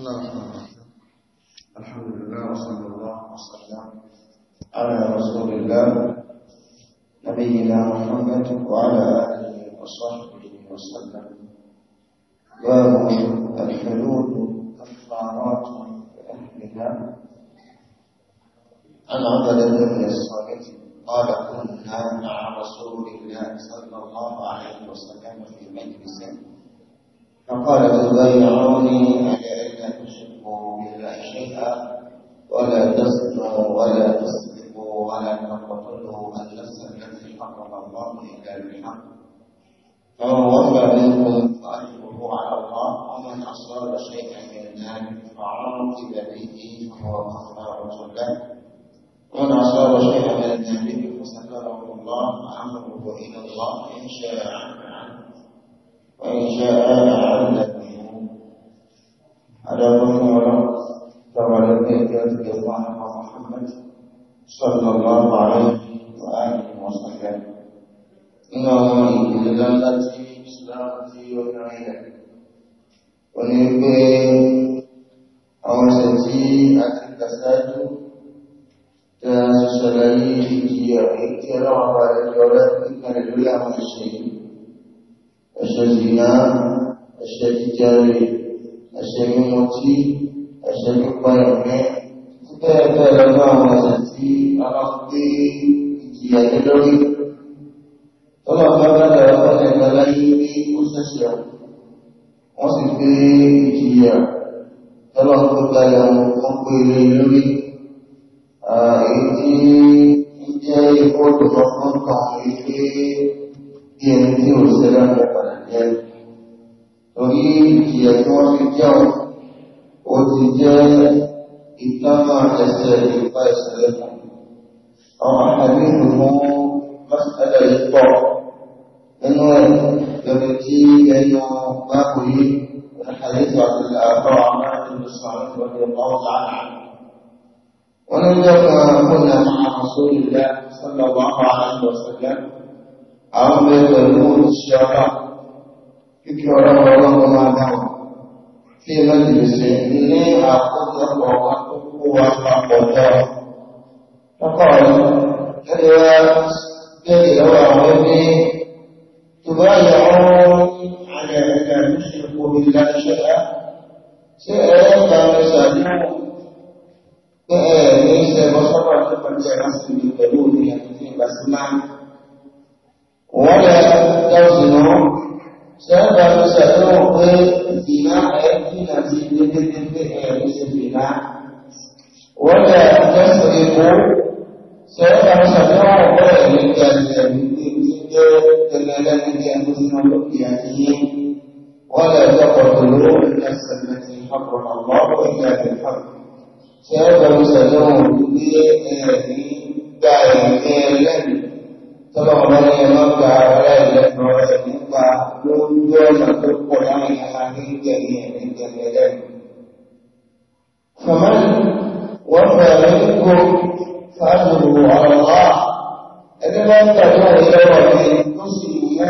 بسم الله الرحمن الرحيم الحمد لله وصلى الله وسلم على رسول الله نبينا محمد وعلى آله وصحبه وسلم باب الحلول كفارات لأهلها عن عبد بن الصالح قال كنا مع رسول الله صلى الله عليه وسلم في مجلس فقال تبايعوني ولا تسمع ولا تصدق ولا تقتلوا النفس التي حرم الله الا بالحق فمن وفى منكم فاجره على الله ومن اصاب شيئا من ذلك فعرض بيده فهو كفاره له ومن اصاب شيئا من النار فسكره الله فامره الى الله ان شاء عنه وان شاء اعلمه على رحمه فولد يأتي الله محمد صلى الله عليه وآله وسلم إن الله يدلل في إسلام في وكعيدة ونبي أو سجي أتكساجه dan selain dia من pada الدنيا ikhtiar dulu yang masih asyazina asyajijari asyamimoti ìṣẹ́jú pẹ̀lẹ́ bẹ́ẹ̀ bẹ́ẹ̀ lọ́jọ́ àwọn ọ̀sẹ̀ tí a bá gbé ìjìyà lé lórí tọ́lọ̀ bá bẹ̀rẹ̀ ọ̀pọ̀lọpọ̀ ẹ̀gbẹ́ láyé ní ó ṣẹ̀ṣẹ̀ wọ́n sì gbé ìjìyà tọ́lọ̀ tó kalẹ̀ wọn pé lé lórí èyí tí ń jẹ́ ikú ọ̀dọ̀ fún kan ilé bí ẹni tí ò ṣẹlẹ̀ ń padà jẹ́ torí ìjìyà tí wọ́n fi jẹun ó ti jẹ́ ìtọ́nà ẹsẹ̀ ìgbà ìṣẹ̀lẹ̀ fún àwọn àmì ìlú mọ́sálẹ̀ yìí pọ̀ nínú ẹ̀ lórí tí ẹnu báàbò yìí الحديث عن الآثار عن عبد بن مسعود رضي الله تعالى عنه ولم يكن كنا مع رسول الله صلى الله عليه وسلم أو بيت الموت الشرع كيف يرى الله ما دعوه fi mẹ́jìlísì ní àkójọpọ̀ akókò àpapọ̀jọ́ lọ́pọ̀ ẹ̀rọ bẹ́ẹ̀ lọ́wọ́ àwọn ẹbí tó bá yẹ ọrùn alẹ́ ẹ̀ka ìṣẹ̀kọ́ ìlà ìṣẹ̀lá ṣé ẹ̀rọ ń ta mi ṣàdéhùn pé ẹ̀ ní iṣẹ́ bọ́sọ́pọ̀ tó pẹ̀lú ẹ̀rọ pẹ̀lú òní àti ìgbàsílá wọ́n lẹ́ بزنا ولا تسرقوا سيدنا سبحانه وتعالى ولا تقتلوا النفس التي حرم الله الا بالحق سيدنا سبحانه وتعالى دائما لن تبغى من يمتع ولا يمتع من يمتع فمن وفى منكم فأجره على الله إذا لم تدعوا إلى الله مسلمين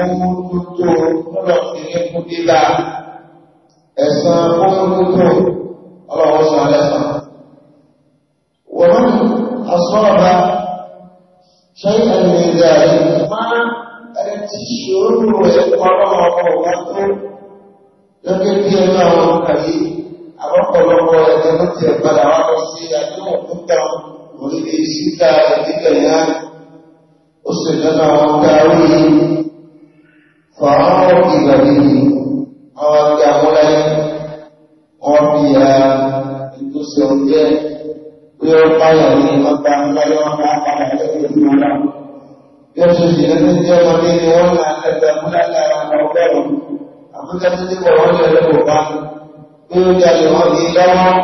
كنتم ولا أخبركم بلا أسماءكم كنتم الله وسعنا ومن أصاب شيئا من ذلك ما التشرور ويقرأ الله لكن هي ما هو ọ̀pọ̀lọpọ̀ ẹ̀jẹ̀ ló ti ẹ̀padà wá lọ sí àdéhùn kúta orílẹ̀ ìsíta ìdílé yá ó sì lọ́nà àwọn kárí fàáwọ̀ ìgbàlejò àwọn àti àwọn láyé wọn fi ya ìtòsí ọ̀jẹ́ pé ó báyà ní ọgbà ńláyé wọn bá padà lẹ́yìn ìlú náà bí ó ṣe fi ẹni jẹ́ ọmọdé ni wọ́n máa ń tẹ̀lé ọmọdé lára ọgọ́rùn àbújá títí kọ̀ wọ́n lè lọ́wọ́ bá lórí àyẹ̀wò ní lọ́wọ́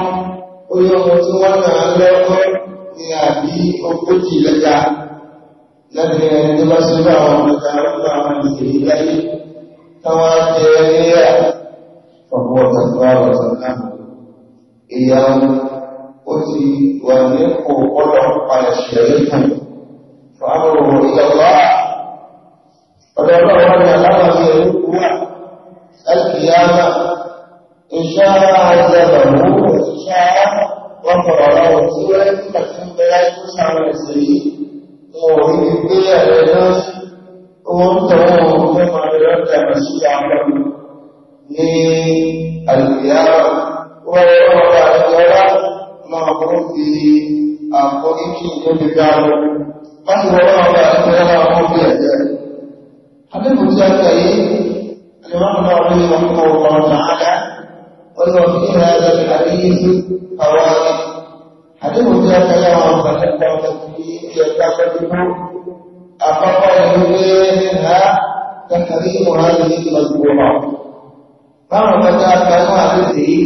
ó yẹ ọmọ tí wọ́n náà lọ́wọ́ ní àbí ogójì lẹ́ta lẹ́nu ẹni tó bá síbẹ̀ àwọn ọmọdé arúgbó àwọn ìdílé láyé táwọn jẹ níyà ọ̀pọ̀ ọ̀tọ̀tọ̀ ọ̀tọ̀ náà ìyá ó ọ̀pọ̀lọpọ̀ àwọn tí ó rẹ́ tí ń bẹ láyé tó yìí wọn ò ní gbé ẹ̀rẹ́ náà owó ń tọ́ wọn ò fẹ́ máa sí àwọn ní àlùyá wọ́n ọ̀rọ̀ àjọra máa kọ́ fi àforíjì tó fi dá lọ wọ́n ti wọ́n ọ̀rọ̀ àjọra wọn fi ẹ̀jẹ̀ àbẹ́kùn tí a kà yìí الإمام النووي رحمه الله تعالى وهو في هذا الحديث فوائد àdéhùn tí a tẹ́lẹ̀ àwọn ọ̀pọ̀lọpọ̀ ọ̀tẹ̀kùnrin ilé ẹ̀dá pẹ̀lú àpapọ̀ ìwé ha kẹkẹrí ìwọ̀n ní ìlọ́gbọ̀ náà. Báwọn ọ̀pẹ̀lọpọ̀ àtàwọn àdéhùn yìí,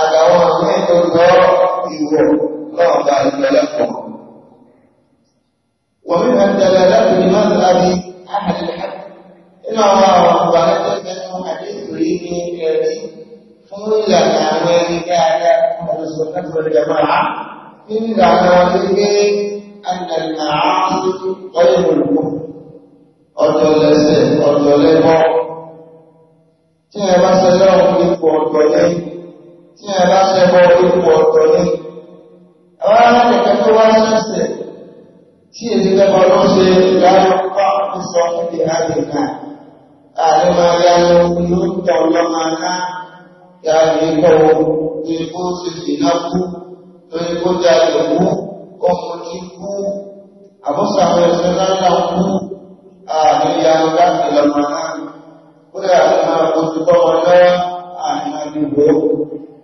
àdàwọn ọ̀pẹ̀ tó gbọ́ ìwọ̀ náà bá ìgbẹ̀lẹ́pọ̀. ومن الدلالات لمذهب أهل الحق إلى múlẹ̀ àwọn ẹni dáadáa ọ̀dọ̀sọ̀ lẹ́kọ̀ọ́ jẹ̀mọ́ra nígbà àwọn ilé àgbàgbà ọ̀yẹ̀ olùkọ́ ọ̀dọ̀ lẹ́sẹ̀ ọ̀dọ̀ lẹ́kọ́ tí ẹ bá ṣe lọ́wọ́ ipò ọ̀dọ̀ yẹn tí ẹ bá ṣe ipò ọ̀dọ̀ yẹn àwọn arákùnrin tó wá lẹ́sẹ̀ tí èdè lẹ́kọ̀ọ́ ló ṣe láyọ̀ pọ̀ ń sọ àgbègbè àlẹ́ máa yá lọ ló ń tọ̀ lọ́mọ náà yani ko ibuzi inaku ikoja yoku komutiku amosa wesana na ku ani yanga ila mana kule ana kutuko wala ana nibo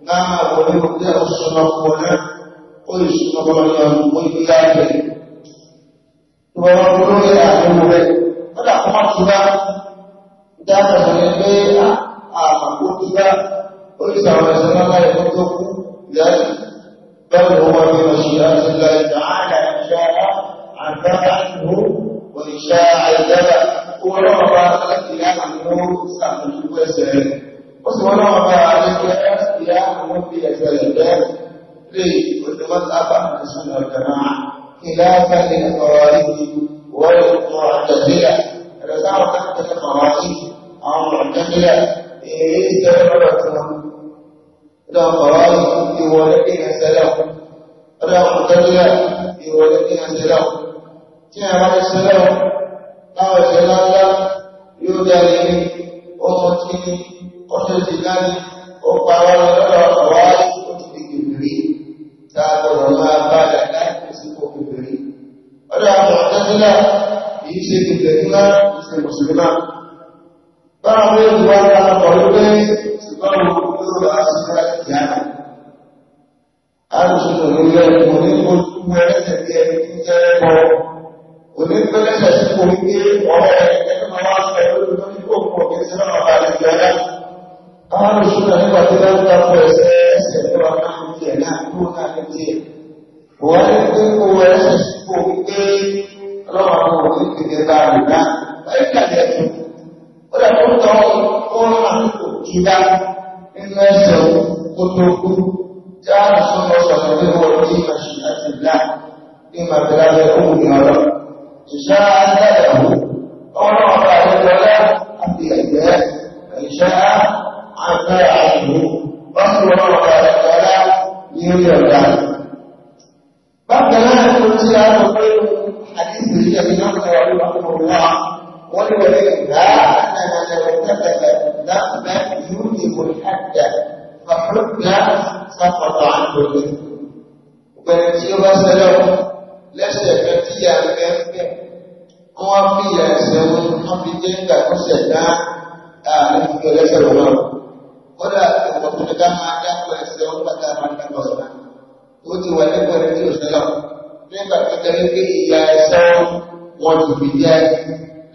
na wale kuja usoma kuona oyi suma kwa ya oyi yake tuwa kuno ya kumbe kada kuma tuba da ta ne a a kutuba وليس على سلامة يكون ذلك بل هو في مشيئة الله تعالى إن شاء عفى عنه وإن شاء عذب ولو ما اختلاف عنه استعمل وسائل وسبحانه وتعالى اختلاف مبدئ سلبيات لمذهب أهل السنة والجماعة خلافا للخوارج والمعتزلة رسالة الخوارج أو المعتزلة إيه سبب ọdún àkọwàrí ìwọ̀lẹ́ kí ẹ̀ sẹ́lẹ̀ ọdún àkọtọ́lẹ̀ ìwọ̀lẹ́ kí ẹ̀ sẹ́lẹ̀ tí a bá sẹ́lẹ̀ láwọn ìṣẹ́lẹ̀ ńlá yóò dáre ní ọmọ tí ní ọdún ti dání ó parọ́ lọ́dọ̀ àkọwàrí ó ṣe kìbìrì ńlá ìṣe mùsùlùmá táwọn yóò wá lápapọ̀ wípé ṣùgbọ́n mo kúrò lọ sí ìyá náà. Àrùsùn òní lẹ́nu onígbòkú ẹlẹ́sẹ̀ bí ẹni tí ń jẹ́ ẹ̀kọ́. Onígbẹ́lẹ́sẹ̀ sí kò ní pé ọ̀rẹ́ ẹgbẹ́ máa wá fẹ́ lórí lórí kò pọ̀ kí sí náà bá Àwọn àrùsùn náà nígbà tí wọ́n ń tapọ̀ ẹ̀sẹ̀ nípa tẹ̀lé ẹ̀kọ́ ní ọ̀rọ̀. Ìṣẹ́ alẹ́yàwó, ọ̀rọ̀ ọ̀rọ̀ àjọjọlá àti ẹ̀jẹ́, ìṣẹ́ àgbẹ̀yàwó, wọ́n sì wọ́n ọ̀rọ̀ àjọjọlá ní orí ọ̀gá. Bákan náà tó ti àwọn pẹ̀lú àdíṣe ìṣẹ́ mi náà sọ̀rọ̀ ní ọkùnrin náà. Wọ́n ní wọlé ìgbà àtàlẹ́ tẹ́tẹ̀lẹ̀ dábẹ́ yóò ní kò ṣàjẹ́. Fàfúrúkẹ́ sàkọ̀tọ̀ àjọyọ̀. Ògbẹ̀rẹ̀ tí ó bá ṣẹlẹ̀ ọ jẹ́ nígbà tó ṣẹ̀dá àárín ìjọ lẹ́sẹ̀ lọ́wọ́. Kọ́dà ìwọ̀n tó ní ká máa dákọ̀ ẹsẹ̀ ó pàtà máa dákọ̀ ọ̀la. Ó ti wà nípa ẹni tí ò sẹ́lọ̀. Nígbà tó jẹ́ pé ìyá ẹsẹ̀ wọn ti fi jẹ́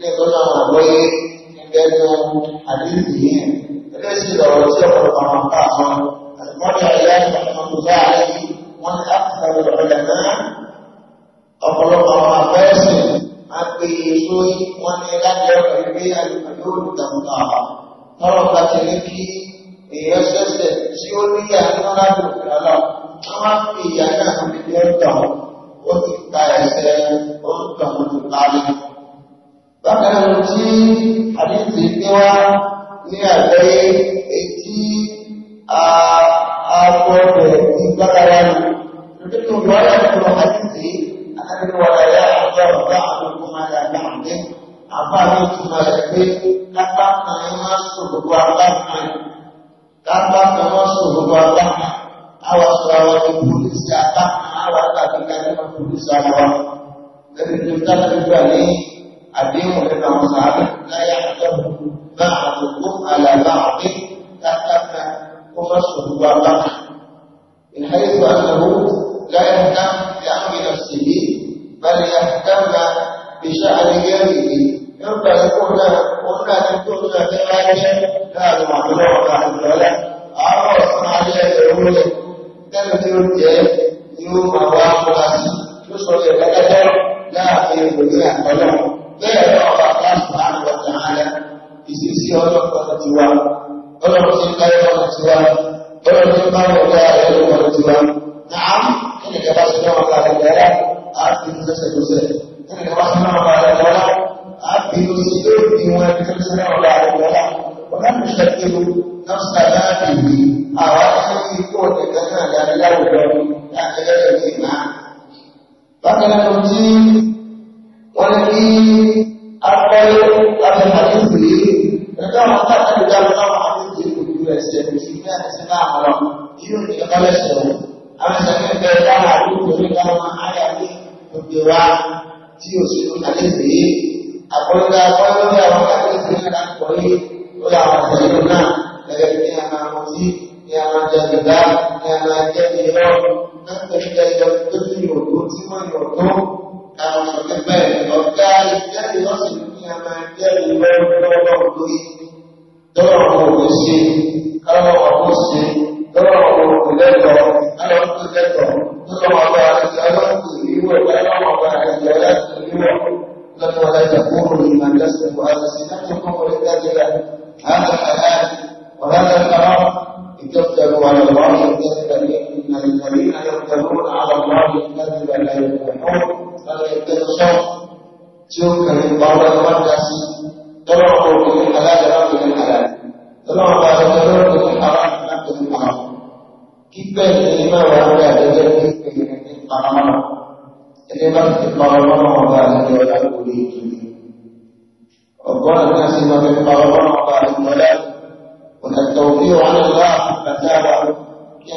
nígbà náà àgbọ́yé ìgbẹ́nu àdéhùn yìí. Ẹlẹ́sìn lọ̀rọ̀ tí ọ̀pọ̀lọpọ̀ àwọn bá àwọn àtìmọ́lẹ̀ ayé àtìmọ́lẹ̀ pé wọ́n ní lábẹ́ ọ̀rọ̀ ìwé àlùmọ̀lóòrù tàbùtà tọ́rọ̀ bá ti ní kí èèyàn ṣẹ̀ṣẹ̀ tí ó ní àtúnrà lòkùnrin lọ wọ́n á fi ìyá náà fi lé ọ̀tọ̀ ó ti ta ẹsẹ̀ ó ń tọ̀ ó ti parí. bákan náà tí àdéhùn ti gbé wá والقبول استعطفنا والذين القبول استعطفنا لكن يفترض بالي الدين والإمام صاحب لا يحترم بعضكم على بعض تحت قصص وبعض من حيث أنه لا يهتم بأمر نفسه بل يهتم بشأن غيره ينبغي قلنا قلنا أن تؤتى كما لا معذور subhanahu wa ta'ala عبد يسجد ديوان خمسنا ولا عبدنا ولا مشكل نفس ذاته أراد يكون كما لا لولا أكل الإيمان فكان المجيب ولكن أقبل أبي الحديث لي فكان قد أبدا الله حديث يقول سيدنا سمع الله يقول لك قال الشيخ أما سمعت الله يقول لك ما عليه في الدواء tí o sì ló dájú pé àpọ̀lọ́dá apọ́lọ́dá àwọn àgbẹ̀sẹ̀ náà lápọ̀ yìí ó àwọn àtẹ̀lẹ́ náà gẹ́gẹ́ bí ní a máa mọ̀ sí ní a máa ní a máa jẹ ìrọ̀ náà pẹ̀lú ẹjọ́ tó ti yòókù tí wọ́n yòókù àwọn ọ̀gbẹ́ ọ̀gá ìjẹ́rìí lọ́sìn ní a máa jẹ́ ìrọ̀ lọ́wọ́ lórí lọ́wọ́ àwọn òkú sí káwọn ọ̀pọ̀ sí lọ́wọ́ àwọn òkú lẹ́tọ̀ọ́ ọba tó bá dá sí tọ́lọ́ ọkọ̀ òkèèrè aláàjọ láti ní àlàyé tọ́lọ́ ọba àjọ lọ́rọ̀ tó ní ara láti ní ara. Kíkẹ́ ìdílé máa wà ní àjẹjẹ́ ní ìpínlẹ̀ ní Panama. Ẹni bá ti pa ọlọ́run ọba àjẹjẹ́ ọ̀la lórí ìdílé. Ọ̀gbọ́n àti àti máa fi pa ọlọ́run ọba àjẹjẹ́ ọ̀la. Ònàtọ̀ òbí wọn ní láàbù àti àbà. Kí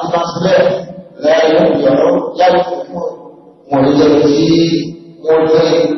ti bá sílẹ̀ lẹ́yìn ìyọ̀rọ̀ yálò fún wọn lè jẹ́ kí wọ́n jẹ́